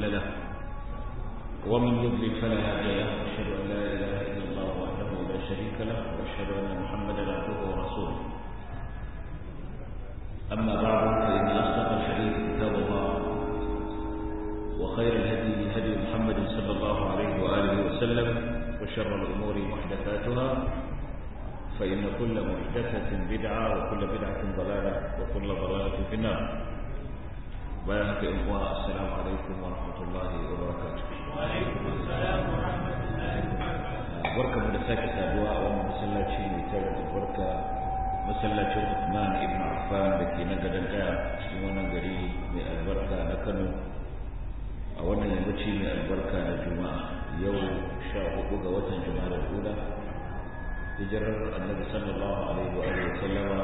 مضل له ومن يضلل فلا هادي له أشهد أن لا إله إلا الله وحده لا شريك له وأشهد أن محمدا عبده ورسوله أما بعد فإن أصدق الحديث كتاب الله وخير الهدي هدي محمد صلى الله عليه وآله وسلم وشر الأمور محدثاتها فإن كل محدثة بدعة وكل بدعة ضلالة وكل ضلالة في النار bayan haka yan uwa assalamu alaikum wa rahmatullahi wa barakatuh wa alaikum assalam wa rahmatullahi wa barakatuh da sake saduwa a wannan masallaci mai tare da barka masallacin Uthman ibn Affan da ke na gadon daya cikin wannan gari mai albarka na Kano a wannan yammaci mai albarka na Juma'a yau sha hudu ga watan Juma'a da Kula hijirar Annabi sallallahu alaihi wa alihi wa sallama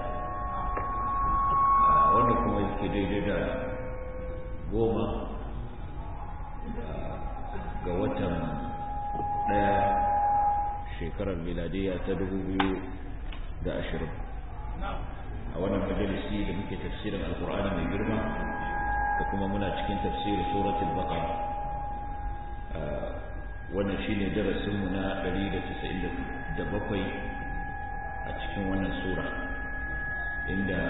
1440 wanda daidai da goma ah, ga watan ɗaya shekarar miladiya ta dubu biyu da ashirin a wannan majalisi da muke tafsirin alkur'ani mai girma da kuma muna cikin tafsirin suratul baqara ah, wannan shine darasinmu na 197 a cikin wannan sura inda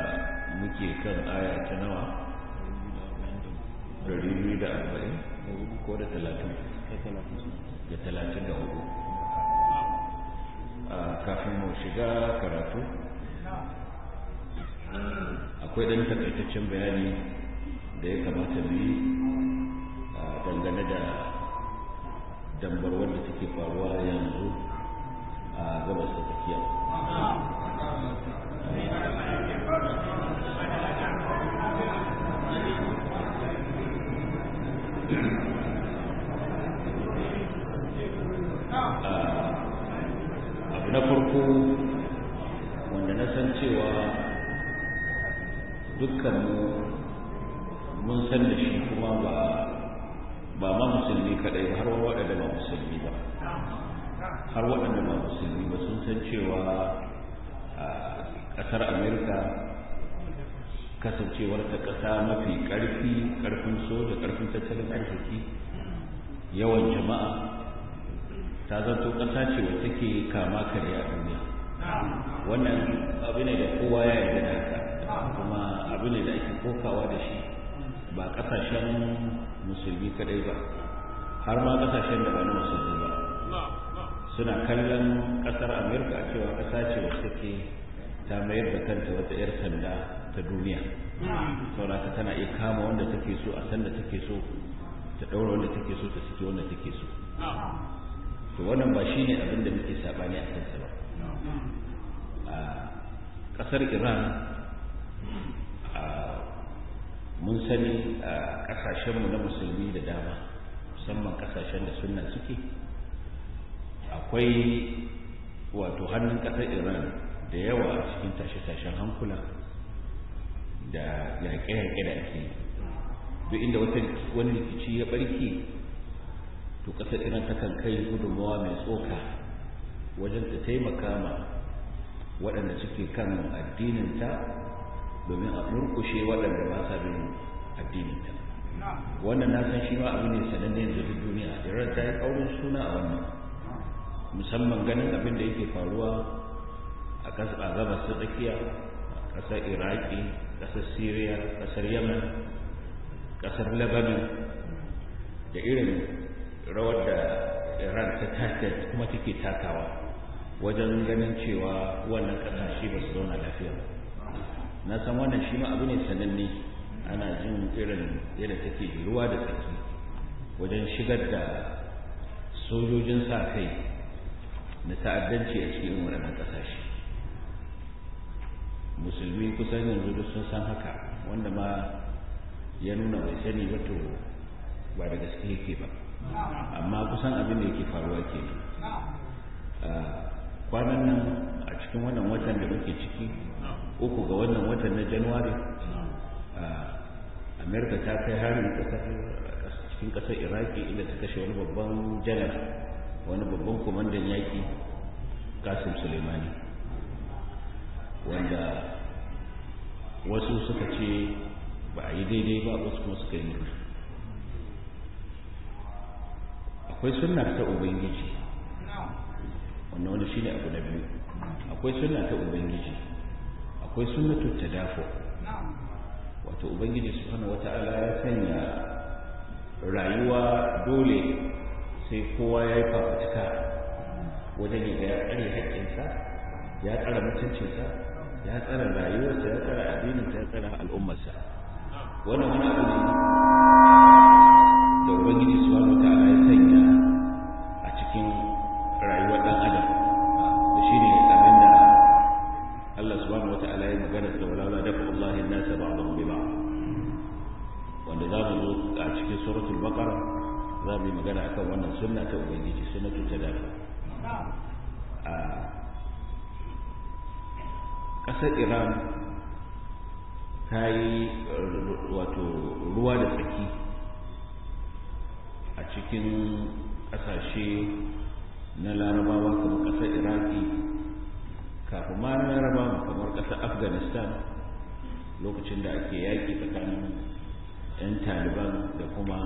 muke kan aya ta nawa 240 ko da 30 da da a kafin mu shiga karatu akwai ɗan takaitaccen bayani da ya kamata mu yi dangane da dambar da take faruwa yanzu a gabas da tsakiya Uh, abu na farko wanda na san cewa dukkanmu mun san da shi kuma ba ba ma musulmi kadai har waɗanda ba musulmi ba har waɗanda ba musulmi ba sun san cewa uh, kasar amerika kasancewar ta ƙasa mafi ƙarfi ƙarfin soja ƙarfin tattalin arziki yawan jama'a ta zanto kasa ce wata ke kama kare a duniya wannan abu ne da kowa ya yi da ka, kuma abu ne da ake kokawa da shi ba ƙasashen musulmi kadai ba har ma kasashen da ba na musulmi ba suna kallon ƙasar amerika cewa kasa ce wata ke ta mayar da kanta wata 'yar sanda ta duniya saurata tana iya kama wanda take so a sanda take so ta ɗaura wanda take so ta saki wanda take so to wannan ba shi ne abin da muke saɓani a kansa ba a ƙasar iran mun sani a ƙasashenmu na musulmi da dama musamman ƙasashen da sunan suke akwai wato hannun ƙasar iran da yawa a cikin tashe-tashen hankula da yaƙe-yaƙe da ake duk inda wani rikici ya ɓarke, to ƙasar iran kan kai gudunmawa mai tsoka wajen ta taimaka ma waɗanda suke kan addininta domin a murkushe waɗanda ba sa bin addininta wannan na san shi ma abu ne sananne yanzu duk duniya iran ta yi ƙaurin suna a wannan musamman ganin abin da yake faruwa a gaba su tsakiya ƙasar iraki ƙasar syria ƙasar Yemen, ƙasar lebanon da irin rawar da iran ta take kuma take takawa wajen ganin cewa wannan ƙasashe ba su zauna lafiya na san wannan shi ma abu ne sananne ana jin irin yadda take ruwa da tsaki wajen shigar da sojojin sa kai na ta'addanci a cikin waɗannan ƙasashe musulmi kusan yanzu duk sun san haka wanda ma ya nuna mai sani ba ba da gaske yake ba amma kusan abin da yake faruwa ke kwanan nan a cikin wannan watan da muke ciki uku ga wannan watan na januwari amerika ta kai harin cikin kasar iraki inda ta kashe wani babban janar wani babban kwamandan yaki kasim suleimani wanda wasu suka ce ba a yi daidai ba wasu kuma suka yi akwai sunna ta ubangiji wannan wanda ne abu na biyu akwai sunna ta ubangiji akwai sunnatu dafo wato ubangiji wata ala ya sanya rayuwa dole sai kowa ya yi fafutuka wajen ya tsare haƙƙinsa ya tsara mutuncinsa ya tsara rayuwarsa ya tsara addininsa ya tsara al'ummarsa wannan wani abu ne da ubangiji subhanahu wataala ya sanya ƙasar iran ta yi uh, wato ruwa da tsaki a cikin ƙasashe na larabawa kuma ƙasar iraki kafin ma na larabawa kamar ƙasar afghanistan lokacin da ake yaƙi tsakanin 'yan taliban da kuma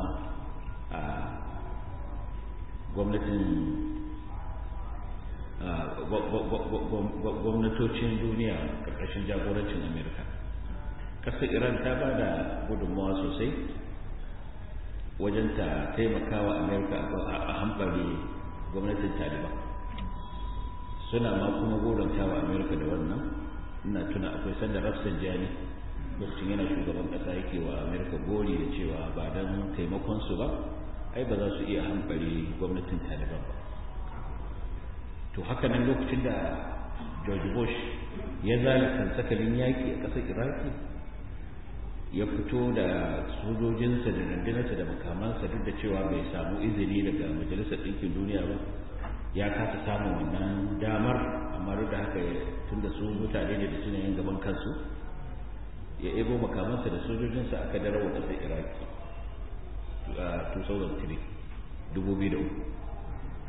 a uh, gwamnatin gwamnatocin duniya ƙarƙashin jagorancin amerika ƙasar iran ta ba da gudunmawa sosai wajen ta taimaka wa amerika a hambari gwamnatin taliban suna ma kuma goranta wa amerika da wannan ina tuna akwai sanda rafsan jani lokacin yana shugaban ƙasa yake wa amerika gori da cewa ba don taimakonsu ba ai ba za su iya hambari gwamnatin taliban ba to haka nan lokacin da george bush ya zalatan sakalin yaƙi a ƙasar iraki ya fito da sojojinsa da rundunarsa da makamansa duk da cewa bai samu izini daga majalisar ɗinkin duniya ba ya kasa samun wannan damar amma duk da haka tun da su mutane ne da suna yin gaban kansu ya ebo makamansa da sojojinsa aka darawa ƙasar iraki a 2003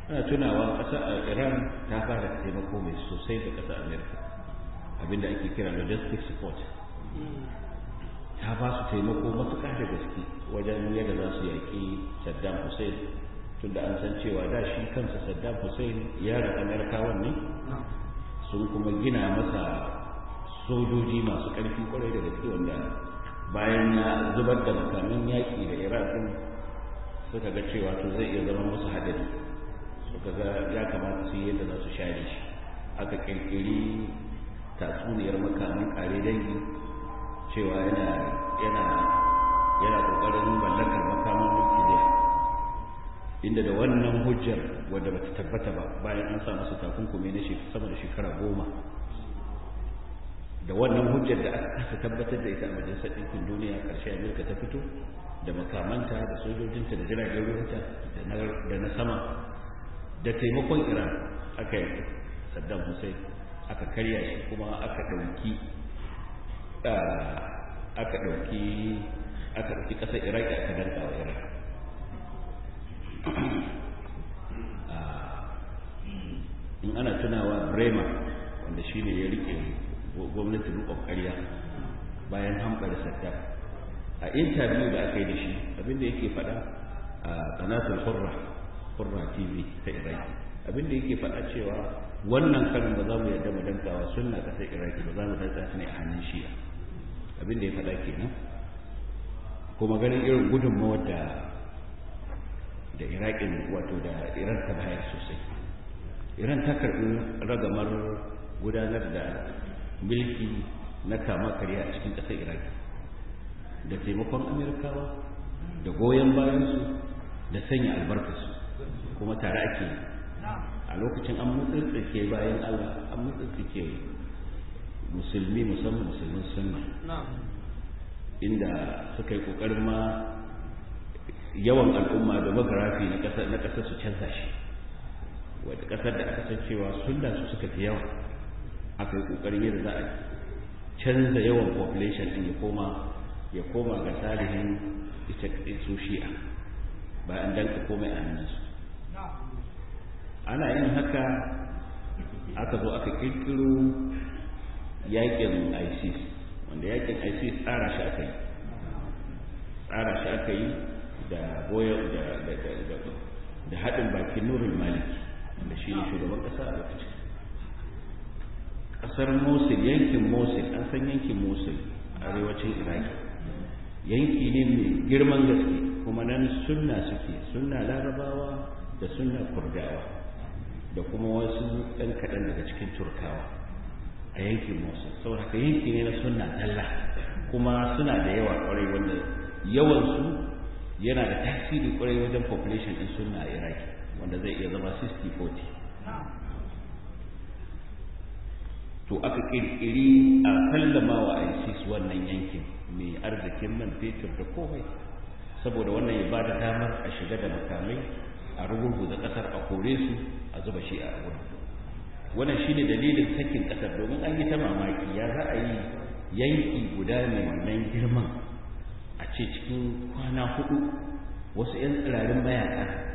ana tunawa ƙasa a iran ta fara taimako mai sosai da ƙasa amerika abinda ake kira logistic support ta ba su taimako matuƙa da gaske wajen yadda za su yaƙi saddam hussein tunda an san cewa da shi kansa saddam hussein yaran amerikawan ne sun kuma gina masa sojoji masu ƙarfi kwarai da gaske wanda bayan ya zubar da makamin yaƙi da iraq suka ga cewa to zai iya zama musu haɗari. suka ga ya kamata su yi yadda za su share shi aka kirkiri tatsuniyar makamin kare dangi cewa yana yana yana kokarin mallakar makamin nukiliya inda da wannan hujjar wadda bata tabbata ba bayan an sa masa takunkumi na sama da shekara goma da wannan hujjar da aka tabbatar da ita a majalisar ɗinkin duniya ƙarshe amurka ta fito da makamanta da sojojinta da jiragen ruwanta da na sama da taimakon iran aka yi saddam hussein aka karya shi kuma aka ɗauki aka ɗauki aka ɗauki ƙasar iraki aka danta wa iran in ana tunawa bremer wanda ne ya riƙe gwamnatin rukon ƙarya bayan hambar saddam a intabiyu da aka yi da shi abinda yake faɗa a kanatul hurra kurra tv ta iraki abinda yake faɗa cewa wannan karin ba za mu yarda mu dankawa sunna ta iraki ba za mu danka ta ne a hannun shi'a abinda ya faɗa kenan kuma ganin irin gudunmawar da da iraƙin wato da iran ta bayar sosai iran ta karɓi ragamar gudanar da milki na kama karya a cikin ƙasar iraki da taimakon Amurkawa, da goyon bayansu da sanya albarkasu. kuma tare ake a lokacin an mutsirtsike bayan Allah an mutsirtsike musulmi musamman musulmin sunna inda suka yi kokarin ma yawan al'umma da magarafi na kasar su canza shi wadda ƙasar da aka san cewa sunna su suka fi yawa aka yi kokarin yadda za a canza yawan population din ya koma ya koma ga tarihin ita su shi'a bayan danka komai a su. ana yin haka aka zo aka kirkiro yakin isis wanda yakin isis tsara shi aka yi tsara shi aka yi da boye da da haɗin bakin nurin maliki wanda shi ne shugaban ƙasa a lokacin ƙasar mosul yankin mosul an san yankin mosul arewacin iraki yanki ne mai girman gaske kuma nan sunna suke sunna larabawa da sunna kurdawa da kuma wasu ɗan kaɗan daga cikin turkawa a yankin musu saboda yankin yanki ne na sunna dalla kuma suna da yawa kwarai wanda yawansu yana da tasiri kwarai wajen population ɗin suna a iraki wanda zai iya zama 60-40 to aka ƙirƙiri a sallama wa isis wannan yankin mai arzikin man fetur da komai saboda wannan ya ba da damar a shiga da makamai a rugurgu da ƙasar a kore su a zuba shi a wurin wannan shine dalilin sakin ƙasar domin an yi ta mamaki ya za a yi yanki guda mai wannan girman a ce cikin kwana hudu wasu 'yan tsirarin mayaka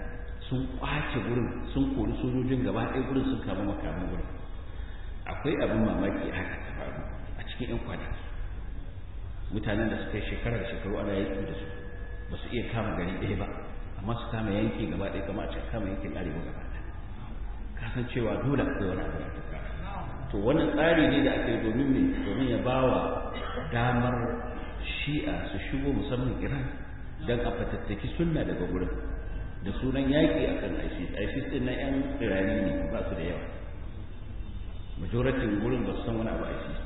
sun kwace gurin sun kori sojojin gaba ɗaya gurin sun kama makamin gurin akwai abin mamaki a haka ta faru a cikin 'yan kwana mutanen da suka yi shekarar da shekaru ana yaki da su ba su iya kama gari ɗaya ba amma su kama yanki gaba ɗaya kama a kama yankin arewa gaba ɗaya kasan cewa dole akwai wani abu to wannan tsari ne da aka yi domin ne domin ya ba wa damar shi'a su shigo musamman iran don a fatattaki sunna daga gurin da sunan yaƙi a kan isis isis ɗin na 'yan irani ne ba su da yawa majoratin gurin ba su san wani abu isis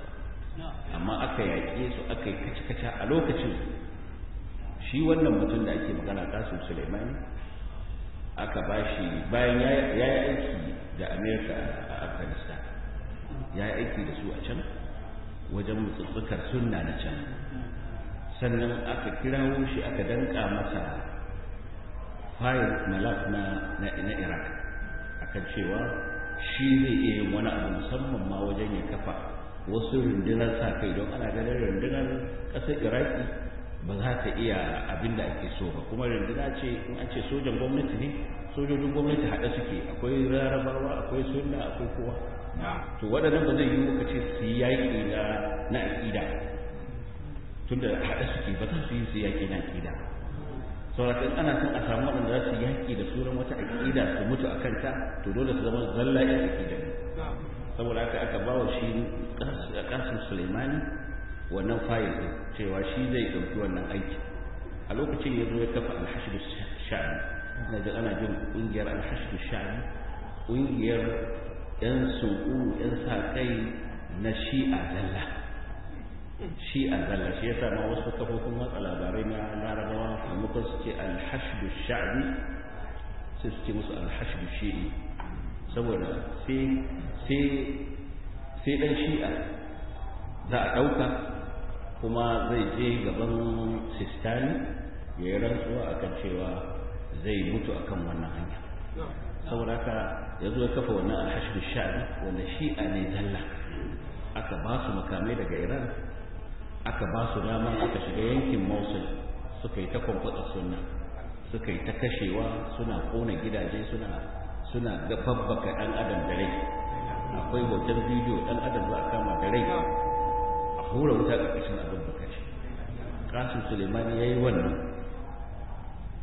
ba amma aka yaƙe su aka yi kaca-kaca a lokacin shi wannan mutum da ake magana tasu Suleimani aka ba shi bayan ya yi aiki da amerika a afghanistan ya yi aiki da su a can wajen mutsutsukar sunna na can sannan aka kira shi aka danka masa fayil malak na iraq akan cewa shi zai iya yin wani abu musamman ma wajen ya kafa wasu rundunar sa kai don ana ganin rundunar ƙasar iraki ba za ta iya abin da ake so ba kuma rundunar ce in an ce sojan gwamnati ne sojojin gwamnati haɗe suke akwai rarrabawa akwai sunna akwai kowa to waɗannan ba zai yi muka ce su yi yaƙi na aƙida tunda haɗe suke ba za su yi su yaƙi na aƙida saurakan ana son a samu waɗanda za su yi yaƙi da suran wata aƙida su mutu a kanta to dole su zama zalla yan aƙida saboda haka aka ba wa shi ƙasar sulaimani wannan fayil din cewa shi zai ɗauki wannan aiki a lokacin ya zo ya kafa alhashidu sha'ani na da ana jin ƙungiyar alhashidu sha'ani ƙungiyar 'yan sunku 'yan sa-kai na shi'a zalla shi'a zalla shi yasa ma wasu kafofin watsa labarai na larabawa maimakon su ce alhashidu sha'ani sai su ce musu alhashidu shi'i saboda sai sai ɗan shi'a za a ɗauka kuma zai je gaban sistani ya yi rantsuwa a kan cewa zai mutu a kan wannan hanya saboda ya zo ya kafa wannan alhashin sha'ani wanda shi'a ne zalla aka ba su makamai daga iran aka ba su dama aka shiga yankin mosul suka yi ta kwamfata sunna suka yi ta kashewa suna kona gidaje suna suna gababbaka ɗan adam da rai akwai hoton bidiyo ɗan adam za a kama da rai hura wuta ƙarƙashin abin bukaci ƙasin suleimani ya yi wannan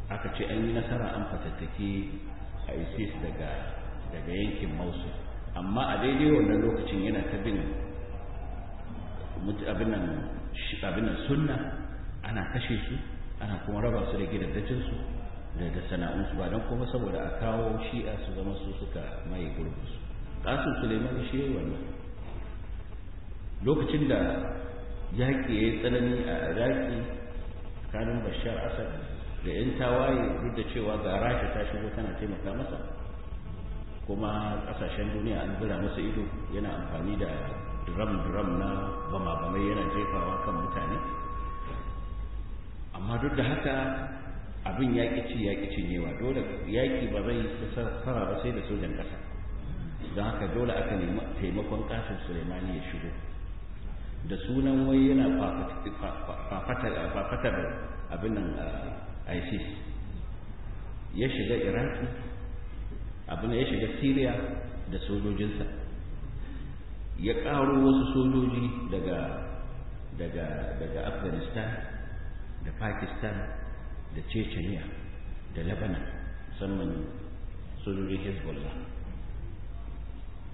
aka ce an yi nasara an fatattake a isis daga yankin mausu amma a daidai wannan lokacin yana ta bin abinan sunna ana kashe su ana kuma raba su da su da da sana'unsu ba don kuma saboda a kawo shi'a su zama su suka maye gurbinsu ƙasin suleimani shi wannan lokacin da yaƙi ya yi tsanani a iraki tsakanin bashar asad da yan tawaye duk da cewa ga rasha ta shigo tana taimaka masa kuma ƙasashen duniya an bira masa ido yana amfani da drum-drum na bama-bamai yana jefawa kan mutane amma duk da haka abin yaƙi ci yaƙi cinyewa dole yaƙi ba zai fara ba sai da sojan ƙasa don haka dole aka nemi taimakon ƙasar sulemani ya shigo da sunan wai yana fafatar abin ah, isis ya shiga iraki abin ya shiga syria da sojojinsa ya ƙaro wasu sojoji daga afghanistan da pakistan da chechnya da lebanon musamman sojojin hezbollah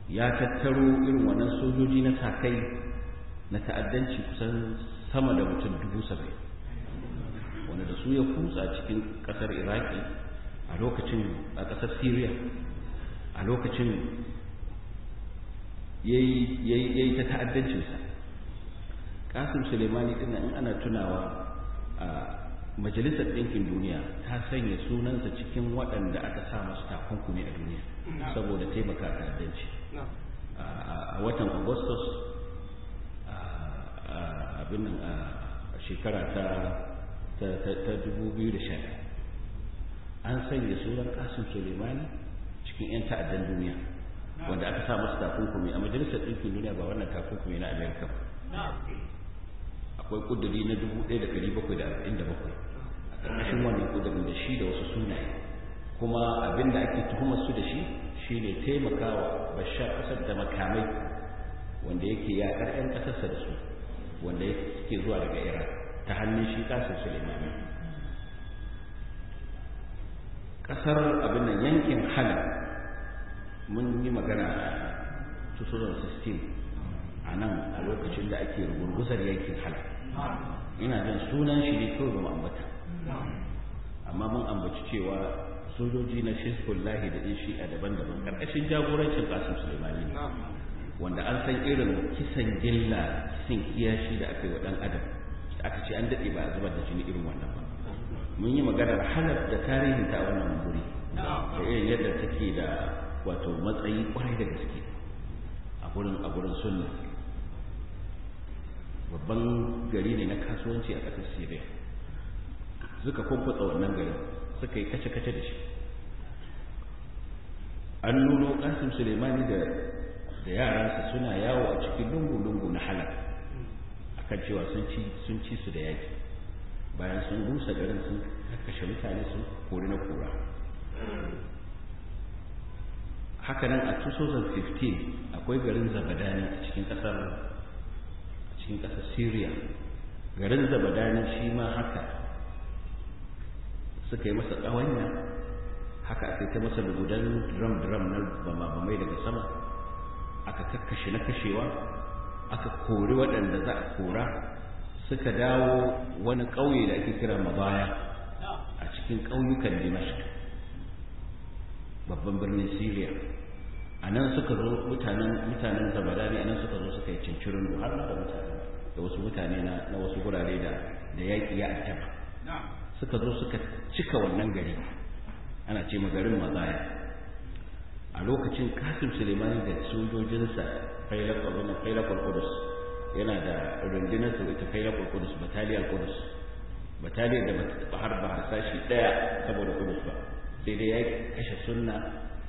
ya tattaro irin wannan sojoji na sakai na ta'addanci kusan sama da mutum dubu saba'in wanda da su ya kutsa cikin ƙasar iraki a lokacin a ƙasar syria a lokacin ya yi ta ta'addancinsa kasim sulemani ɗin in ana tunawa a majalisar ɗinkin duniya ta sanya sunansa cikin waɗanda aka sa masu takunkumi a duniya saboda taimaka ta'addanci a watan agustus abin nan a shekara ta ta dubu biyu da sha an sanya sunan kasim sulemani cikin 'yan ta'addan duniya wanda aka sa masu takunkumi a majalisar ɗinkin duniya ba wannan takunkumi na amerika ba akwai kudiri na bakwai a ƙarƙashin wannan kudirin da shi da wasu sunaye kuma abin da ake tuhumar su da shi shi ne taimakawa bashar ƙasar da makamai wanda yake yaƙar 'yan ƙasarsa da su wanda yake zuwa daga iran ta hannun shi kasar suleimani kasar abin nan yankin hana mun yi magana a 2016 a nan a lokacin da ake rugurguzar yankin hana ina jin sunan shi ne kawai ba ambata amma mun ambaci cewa sojoji na Lahi da ɗin a daban-daban ƙarƙashin jagorancin kasim sulaimani wanda an san irin kisan gilla iya shi da aka yi wa ɗan adam da aka ce an daɗe ba a zubar da jini irin wannan ba mun yi maganar halar da tarihin ta wannan wuri da irin yadda take da wato matsayi kwarai da gaske a gurin a gurin sunna babban gari ne na kasuwanci a ƙasar syria suka kwamfutsa wannan gari, suka yi kace-kace da shi an nuno kasim suleimani da da yaransa suna yawo a cikin lungu-lungu na halak akan cewa sun ci su da yaki bayan sun rusa garin sun kashe mutane sun kori na kura nan a 2015 akwai garin zabadani a cikin kasar cikin kasar syria garin zabadani shi ma haka suka yi masa tsawanya haka a kai ta masa lugudan drum-drum na bama-bamai daga sama aka kakkashe na kashewa aka kori waɗanda za a kora suka dawo wani ƙauye da ake kira ma mabaya a cikin ƙauyukan dimashq babban birnin syria a nan suka zo mutanen mutanen zabadani a nan suka zo suka yi cincirin har da mutane da wasu mutane na wasu gurare da yaƙi ya attaba suka zo suka cika wannan gari ana ce garin mazaya a lokacin Kasim suleiman da sojojinsa failakon kudus yana da rundunar sa ita failakon kudus bataliyar kudus bataliyar da bata taba harba sashi ɗaya saboda kudus ba sai dai ya kashe sunna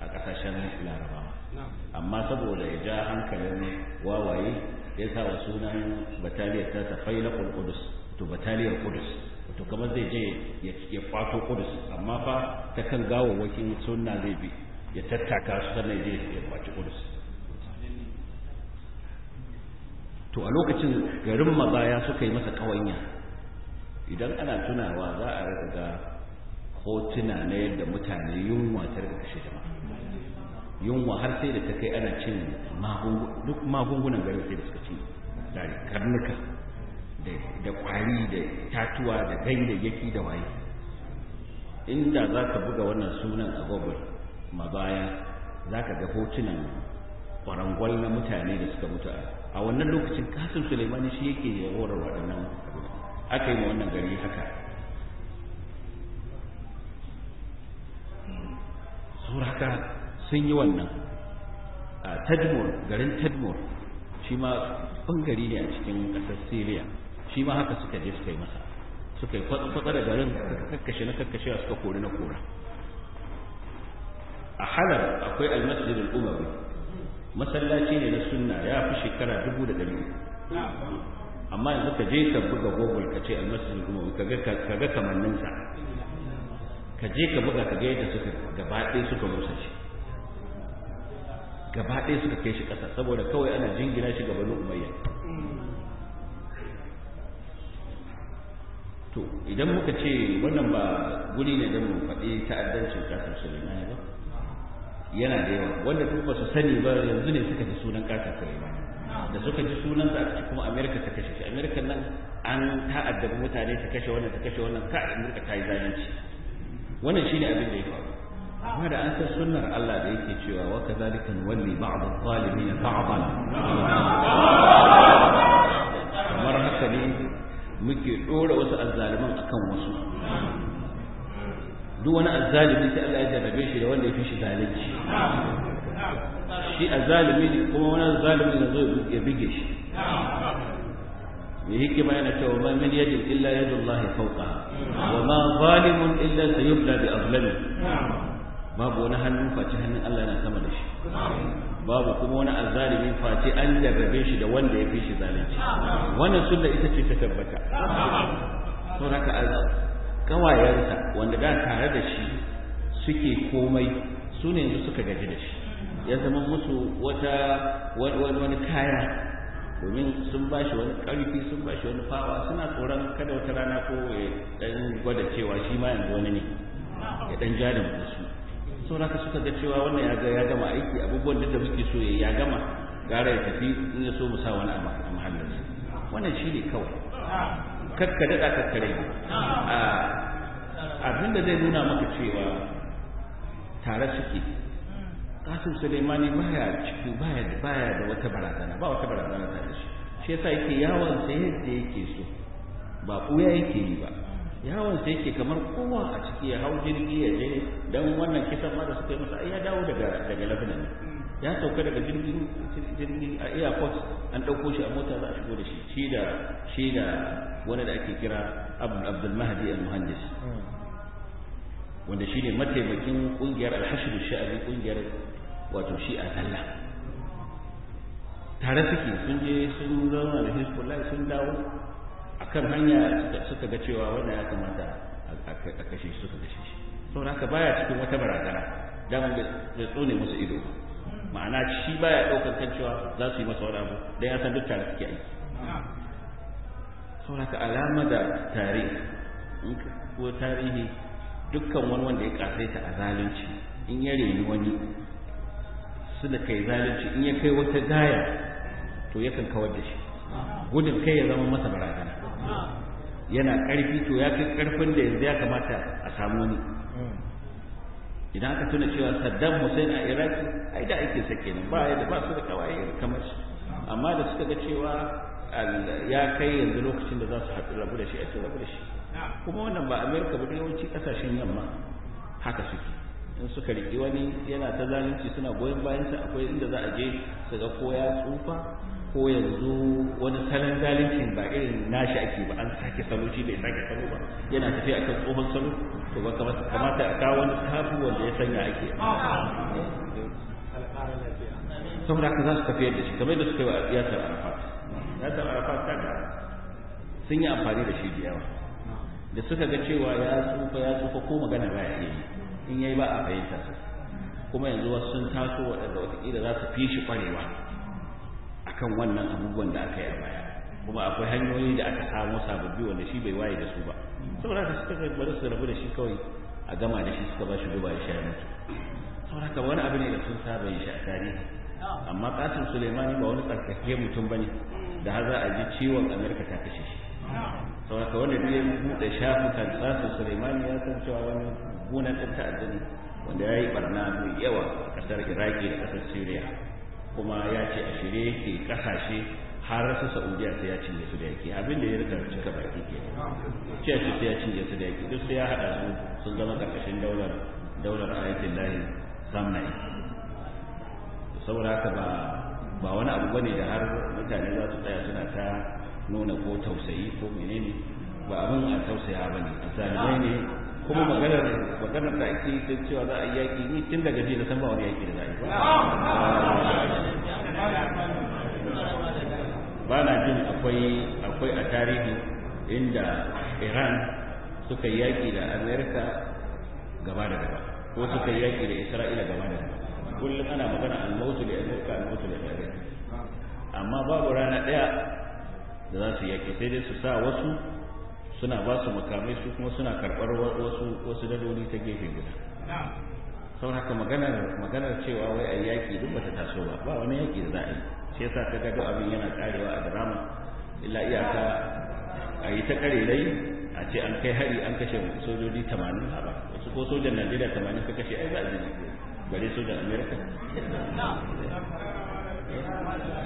a ƙasashen larabawa amma saboda ya ja hankalin wawaye ya sa wa sunan bataliyar ta ta failakon kudus to bataliyar kudus to kamar zai je ya kwato kudus amma fa ta kan gawo wakin sunna zai bi ya tattaka su sannan je ya kwaci kudus to a lokacin garin maza ya suka yi masa kawanya idan ana tunawa za a riga hotuna na yadda mutane yunwa ta riga kashe jama'a yunwa har sai da ta kai ana cin duk magungunan garin sai da suka ci da karnuka da kwari da tatuwa da ganyayyaki da waye inda za ka buga wannan sunan a gobe mabaya za ka ga hotunan ƙwarangwal na mutane da suka mutu a wannan lokacin kasim suleimani shi yake horar waɗannan aka yi ma wannan gari haka saboda haka sun yi wannan a tadmur garin tadmur shi ma bangare ne a cikin ƙasar syria shi ma haka suka je suka yi masa suka yi kwatsa da garin suka kakkashe na a suka kori na kora a halar akwai almasjid al masallaci ne na sunna ya fi shekara dubu da ɗari amma yanzu ka je ka buga google ka ce almasjid al ka ga kamanninsa ka je ka buga ka ga yadda suka gaba ɗaya suka rusa shi gaba ɗaya suka kai shi ƙasa saboda kawai ana jingina shi gabanin umayya to idan muka ce wannan ba guri ne don mu faɗi ta'addancin kasar suleiman yana da yawa wanda duk ba su sani ba yanzu ne suka ji sunan kasa Suleiman da suka ji sunan za a kuma Amerika ta kashe shi Amerika nan an ta'addabi mutane ta kashe wannan ta kashe wannan ka Amerika ta yi zalunci wannan shine abin da ya faru amma da an san sunnar Allah da yake cewa wa kadhalika nuwalli ba'd adh-dhalimin ba'dan kamar haka ne muke dora wasu azzaliman akan wasu duk wani azzalimi sai Allah ya jarrabe shi da wanda ya fi shi zalunci shi azzalimi ne kuma wani azzalimi ne zo ya bige shi mai hikima yana cewa ma min yadin illa yadullahi fawqaha wa ma zalimun illa sayubla bi azlami babu wani hannun face hannun Allah yana sama da shi babu kuma wani azalimi face an jarrabe shi da wanda ya fi shi zalunci wannan sunna ita ce ta tabbata saboda haka ƙawayensa wanda da tare da shi suke komai su ne yanzu suka gaji da shi ya zama musu wata wani kaya domin sun ba shi wani ƙarfi sun ba shi wani fawa suna tsoron kada wata rana ko ya ɗan gwada cewa shi ma yanzu wani ne ya ɗan ja da musu ka suka ga cewa wannan ya ga ya gama aiki abubuwan da muke so ya gama gara ya tafi in ya so mu sa wani a mahallin wannan shi ne kawai kakka daɗa kakka A ah, abin da zai nuna maka cewa tare suke hmm. Kasu suleimani baya ciki baya da baya da wata barazana ba wata barazana ta shi shi yasa yake yawon sa yadda yake so ba kuya yake yi ba hmm. yawon sa yake kamar kowa a ciki ya hau jirgi ya je dan wannan kisan ma da suka yi masa ai ya dawo daga daga ne. ya sauka daga jirgin jirgin a airport an ɗauko shi a mota za a shigo da shi shi da shi da wani da ake kira abdul mahdi al muhandis wanda shi ne mataimakin ƙungiyar Al Sha'bi ƙungiyar wato shi a talla tare suke sun je sun zama da hezbollah sun dawo akan hanya suka ga cewa wannan ya kamata a kashe shi suka kashe shi saboda haka baya cikin wata barazana daman bai tsone musu ido ba ma'ana shi baya daukar kan cewa za su yi masa wani abu dan ya san duk tare suke aiki saboda alama da tarihi in ka ko tarihi dukkan wani wanda ya kasaita a zalunci in ya reni wani su da kai zalunci in ya kai wata gaya to yakan kawar da shi gudun kai ya zama masa barazana yana karfi to ya kai karfin da yanzu ya kamata a samu wani idan aka tuna cewa Saddam Hussein a Iraq ai da ake sake nan ba ya da ba su da kawai kamar shi amma da suka ga cewa ya kai yanzu lokacin da za su haɗu rabu da shi a rabu da shi kuma wannan ba Amerika ba yawanci kasashen yamma haka suke in suka riƙi wani yana ta zalunci suna goyon bayan sa akwai inda za a je su ga ko ya tsufa ko yanzu wani salon zalincin ba irin nashi ake ba an sake salo shi bai sake salo ba yana tafiya akan tsohon salo to ba kamata a kawo wani sabu wanda ya sanya ake saboda haka za su tafi da shi kamar da suka yi wa yasar arafat yasar arafat ta ga sun yi amfani da shi da yawa da suka ga cewa ya tsufa ya tsufa ko magana ba ya yi in yayi ba a fahimta kuma yanzu wasu sun taso waɗanda watakila za su fi shi ƙwarewa kan wannan abubuwan da aka yi baya kuma akwai hanyoyi da aka samu sababbi wanda shi bai waye da su ba saboda haka suka kai bari su rabu da shi kawai a gama da shi suka ba shi duba ya shayar mutu saboda haka wani abu ne da sun saba yin shi a tarihi amma kasim suleimani ba wani tsarkake mutum ba ne da har za a ji ciwon amerika ta kashe shi saboda haka wanda duk ya buɗe shafukan kasim suleimani ya san cewa wani gunan ɗan ta'addini wanda ya yi barna mai yawa a ƙasar iraki da ƙasar syria kuma ya ce a shirye yake kasashe har su saudiya sai ya cinye su da yake abin da ya rika cika baki ke ce su sai ya cinye su da yake duk sai ya haɗa su sun zama ƙarƙashin daular daular yankin lahi samnai saboda haka ba ba wani abu bane da har mutane za su tsaya suna ta nuna ko tausayi ko menene ba abin a tausaya bane asalai ne kuma maganar maganar da ake yi don cewa za a yi yaƙi ni tun daga jiya na san ba wani yaƙi da za yi ba na jin akwai akwai a tarihi inda iran suka yi yaƙi da amerika gaba da gaba ko suka yi yaƙi da isra'ila gaba da gaba kullum ana magana almautu da amurka almautu da amerika amma babu rana ɗaya da za su yaƙi sai dai su sa wasu suna ba su makamai su kuma suna karɓar wasu wasu daloli ta gefe guda sau haka maganar maganar cewa wai a yaƙi duk bata taso ba ba wani yaƙi da za a yi shi yasa ta gado abin yana karewa a drama illa iyaka a yi ta rai a ce an kai hari an kashe sojoji tamanin haɓa wasu ko sojan najeriya tamanin ka kashe ai za a ji bare sojan amerika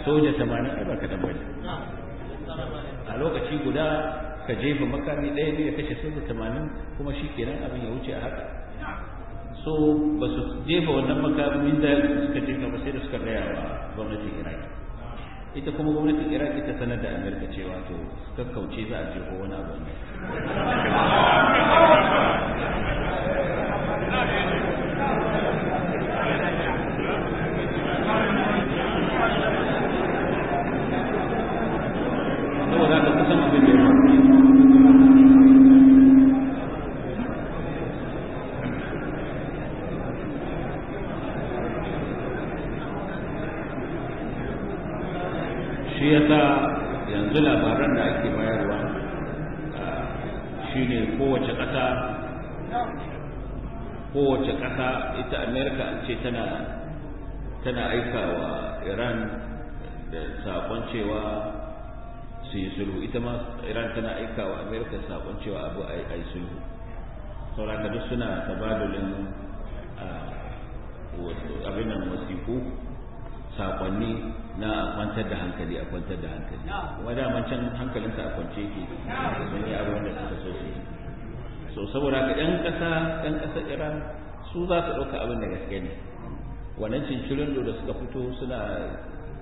soja tamanin ai ba kaɗan ba a lokaci guda ka jefa makami ɗaya ne ya kashe sun tamanin kuma shi kenan abin ya wuce a haka so ba su jefa wannan makamin da suka jefa ba sai da suka gaya wa gwamnatin iraki ita kuma gwamnatin iraki ta sanar da amurka cewa to kakkauce za a jefa wani abu ne ji suna tabadulin abin da wasiku sakonni na kwantar da hankali a kwantar da hankali kuma daman can hankalinsa a kwance ke sun yi abin da suka so su so saboda ka ɗan ƙasa ɗan ƙasa iran su za su ɗauka abin da gaske ne wannan cincirin da suka fito suna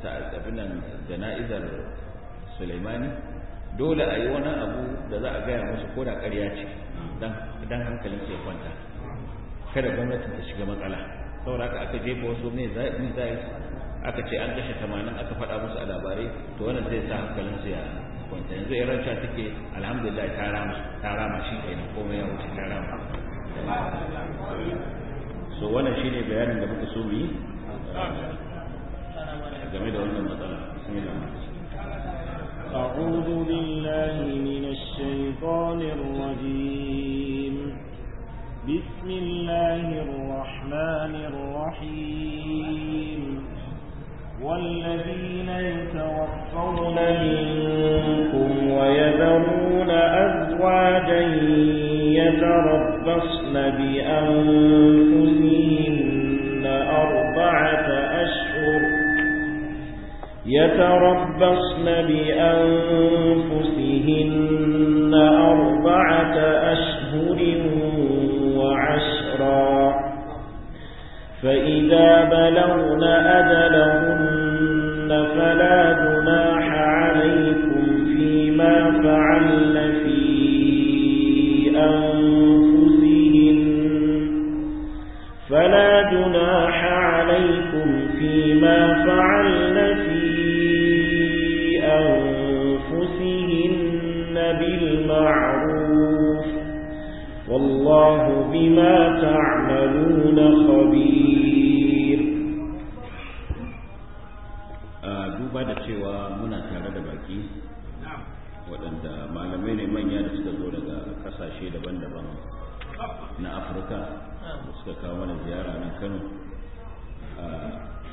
ta abin nan jana'izar sulaimani dole a yi wani abu da za a gaya musu ko da ƙarya ce dan dan hankalin sai kwanta kada gwamnati ta shiga matsala saboda haka aka jefa wasu ne za zaɓi aka ce an kashe tamanin aka faɗa musu a labarai to wannan zai sa hankalin su ya kwanta yanzu iran ta take alhamdulillah ta rama shi na komai ya wuce ta rama so wannan shine bayanin da muka so mu yi game da wannan matsala bismillah أعوذ بالله من الشيطان الرجيم بسم الله الرحمن الرحيم والذين يتوفون منكم ويذرون أزواجا يتربصن بأنفسهن أربعة أشهر يتربصن بأنفسهن أربعة أشهر فإذا بلغن أجلهن فلا جناح عليكم فيما فعلن في أنفسهن فلا جناح عليكم فيما فعلن في أنفسهن بالمعروف والله بما تعملون خبير mai manya da suka zo daga kasashe daban-daban na afirka da suka kawo mana ziyara nan kano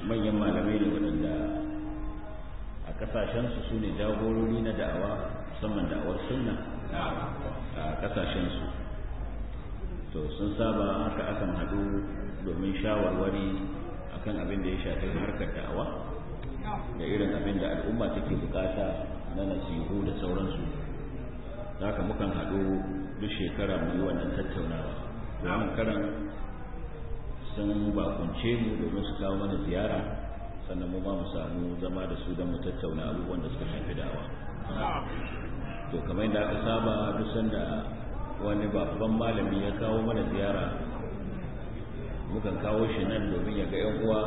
manyan malamai da waɗanda a kasashensu su ne jagorori na da'awa musamman da'awar sunna a kasashensu to sun saba haka akan haɗu domin shawarwari akan abin da ya shafi harkar da'awa da irin abin da al'umma take bukata na nasihu da sauransu zaka mukan haɗu duk shekara mu yi wannan tattaunawa mu karan sun bakunce mu domin su kawo mana ziyara sannan mu ba mu samu zama da su don mu tattauna abubuwan da suka shafi dawa to kamar yadda aka saba duk sanda wani babban malami ya kawo mana ziyara mukan kawo shi nan domin ya ga yan uwa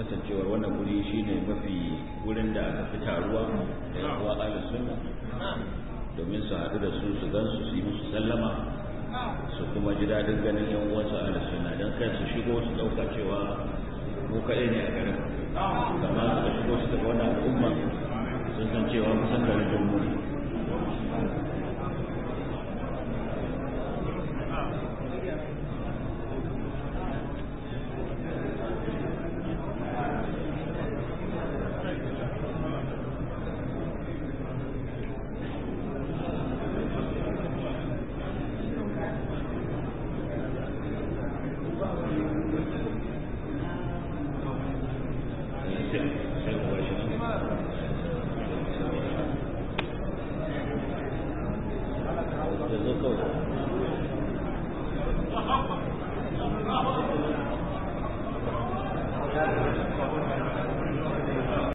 kasancewar wannan guri shine mafi wurin da aka fi taruwa da yan uwa ala sunna domin su haɗu da su su gan su su yi musu sallama su kuma ji daɗin ganin yan uwansu a suna don kai su shigo su ɗauka cewa ko kaɗai ne a garin kama su shigo su tafi wani al'umma sun san cewa kusan garin jirgin